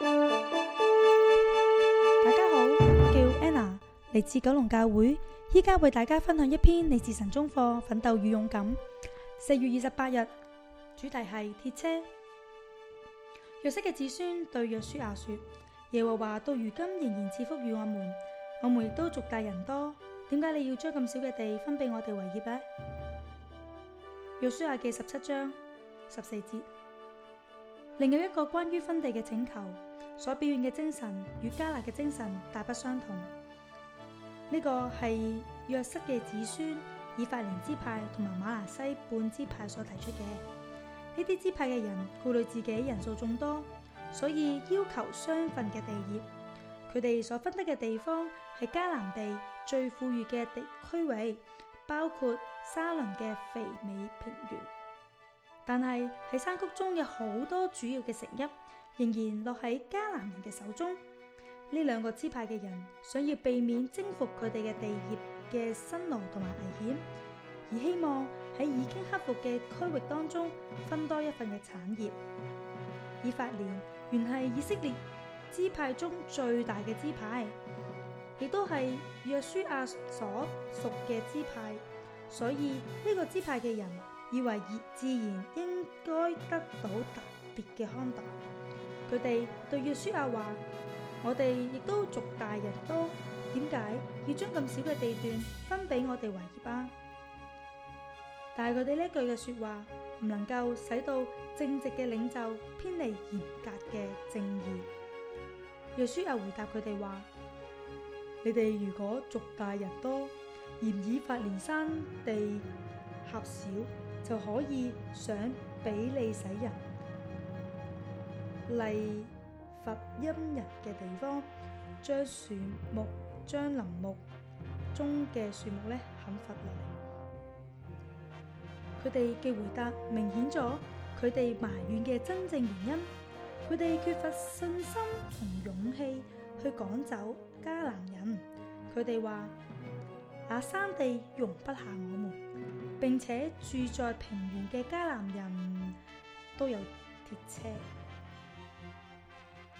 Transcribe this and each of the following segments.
大家好，我叫 Anna，嚟自九龍教會，依家為大家分享一篇《你自神中課：奮鬥與勇敢》。四月二十八日，主題係鐵車。約瑟嘅子孫對約書亞說：耶和華到如今仍然賜福於我們，我們亦都族大人多，點解你要將咁少嘅地分俾我哋為業呢？約書亞記十七章十四節，另有一個關於分地嘅請求。所表現嘅精神與迦勒嘅精神大不相同。呢個係約瑟嘅子孫以法蓮支派同埋瑪拿西半支派所提出嘅。呢啲支派嘅人顧慮自己人數眾多，所以要求雙份嘅地業。佢哋所分得嘅地方係迦南地最富裕嘅地區位，包括沙倫嘅肥美平原。但係喺山谷中有好多主要嘅城邑，仍然落喺迦南人嘅手中。呢兩個支派嘅人想要避免征服佢哋嘅地業嘅辛勞同埋危險，而希望喺已經克服嘅區域當中分多一份嘅產業。以法蓮原係以色列支派中最大嘅支派，亦都係約書亞所屬嘅支派，所以呢個支派嘅人以為，自然應該得到特別嘅看待。佢哋對約書亞話：我哋亦都族大人多，點解要將咁少嘅地段分俾我哋為業啊？但係佢哋呢句嘅說話唔能夠使到正直嘅領袖偏離嚴格嘅正義。約書亞回答佢哋話：你哋如果族大人多，嫌以法蓮山地狹小，就可以想比利洗人，利乏音人嘅地方，將樹木、將林木中嘅樹木咧砍伐來。佢哋嘅回答明顯咗，佢哋埋怨嘅真正原因，佢哋缺乏信心同勇氣去趕走迦南人。佢哋話那山地容不下我們，並且住在平原嘅迦南人都有鐵車。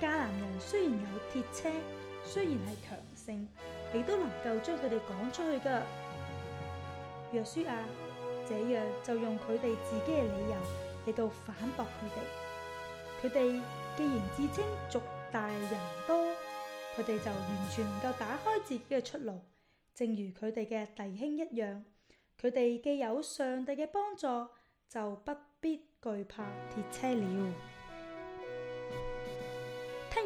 迦南人雖然有鐵車，雖然係強盛，亦都能夠將佢哋趕出去㗎。約書亞，這樣就用佢哋自己嘅理由嚟到反駁佢哋。佢哋既然自稱族大人多，佢哋就完全能夠打開自己嘅出路，正如佢哋嘅弟兄一樣。佢哋既有上帝嘅幫助，就不必懼怕鐵車了。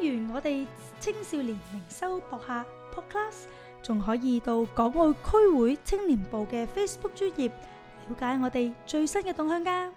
完，我哋青少年靈修博客 podcast，仲可以到港澳區會青年部嘅 Facebook 專頁，了解我哋最新嘅動向噶。